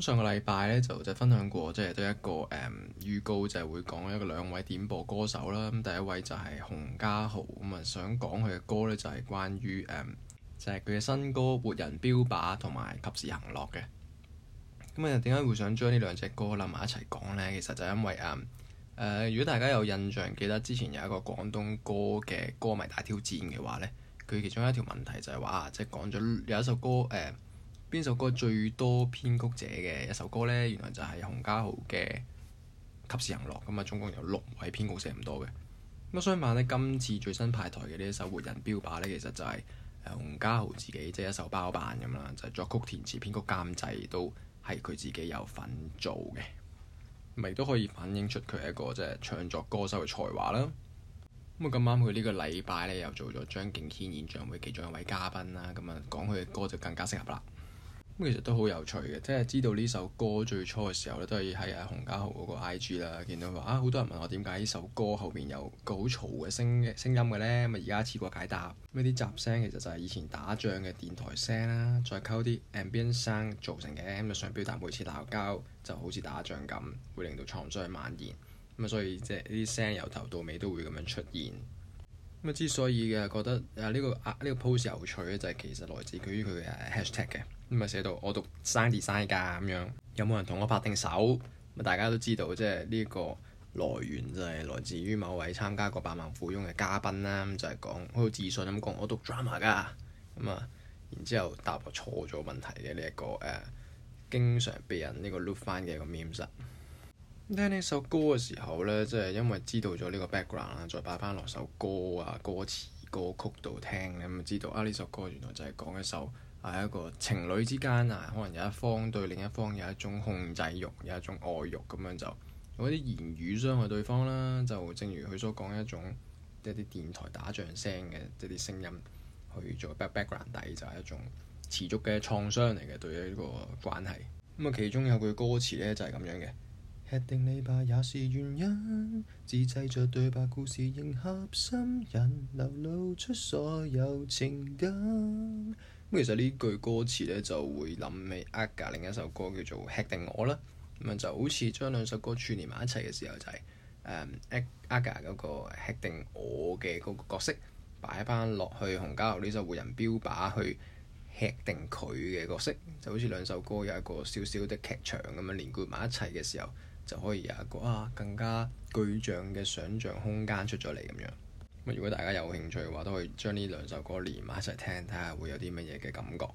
上個禮拜咧就就分享過，即係都一個誒預、嗯、告，就係會講一個兩位點播歌手啦。咁第一位就係洪嘉豪，咁、嗯、啊想講佢嘅歌咧、嗯，就係關於誒，就係佢嘅新歌《活人鏢靶》同埋《及時行樂》嘅、嗯。咁啊，點解會想將呢兩隻歌攬埋一齊講咧？其實就因為啊誒、嗯呃，如果大家有印象，記得之前有一個廣東歌嘅歌迷大挑戰嘅話咧，佢其中一條問題就係、是、話、啊、即係講咗有一首歌誒。嗯。邊首歌最多編曲者嘅一首歌呢？原來就係洪嘉豪嘅《及時行樂》咁啊，總、嗯、共有六位編曲者咁多嘅。咁啊，相反咧，今次最新派台嘅呢一首《活人鏢靶》呢，其實就係洪嘉豪自己即係、就係、一手包辦咁啦、嗯，就係、作曲、填詞、編曲監製、監製都係佢自己有份做嘅，咪都可以反映出佢係一個即係唱作歌手嘅才華啦。咁啊，咁啱佢呢個禮拜呢又做咗張敬軒演唱會其中一位嘉賓啦，咁、嗯、啊講佢嘅歌就更加適合啦。咁其實都好有趣嘅，即係知道呢首歌最初嘅時候咧，都係喺阿洪嘉豪嗰個 IG 啦，見到話啊，好多人問我點解呢首歌後邊有個好嘈嘅聲聲音嘅咧。咁啊，而家次過解答。咁啲雜聲其實就係以前打仗嘅電台聲啦，再溝啲 Ambience 聲造成嘅。咁就想表達每次鬧交就好似打仗咁，會令到創傷蔓延。咁啊，所以即係呢啲聲由頭到尾都會咁樣出現。咁之所以嘅覺得誒、這、呢個啊呢、這個 post 有趣咧，就係、是、其實來自於佢嘅 hashtag 嘅，咁啊寫到我讀 sound design 噶咁樣。有冇人同我拍定手？咁大家都知道即係呢一個來源就係來自於某位參加過百萬富翁嘅嘉賓啦，咁就係講好自信咁講，我讀 drama 噶，咁啊，然之後答錯咗問題嘅呢一個誒、啊，經常被人呢個 look 翻嘅個 memes。聽呢首歌嘅時候呢，即係因為知道咗呢個 background 啦，再擺翻落首歌啊、歌詞、歌曲度聽你咁知道啊呢首歌原來就係講一首係一個情侶之間啊，可能有一方對另一方有一種控制欲，有一種愛欲咁樣就有一啲言語傷害對方啦。就正如佢所講，一種一啲電台打仗聲嘅一啲聲音去做 background 底，就係一種持續嘅創傷嚟嘅對呢個關係。咁啊，其中有句歌詞呢，就係咁樣嘅。吃定你吧，也是原因。自製着對白，故事迎合心人，流露出所有情感。咁其實呢句歌詞呢，就會諗起 Aga 另一首歌叫做《吃定我》啦。咁就好似將兩首歌串聯埋一齊嘅時候，就是，就係誒 Aga 嗰個吃定我嘅嗰個角色擺翻落去洪嘉豪呢首《活人標靶》去吃定佢嘅角色，就好似兩首歌有一個小小的劇場咁樣連貫埋一齊嘅時候。就可以有一個啊更加具象嘅想像空間出咗嚟咁樣。咁如果大家有興趣嘅話，都可以將呢兩首歌連埋一齊聽，睇下會有啲乜嘢嘅感覺。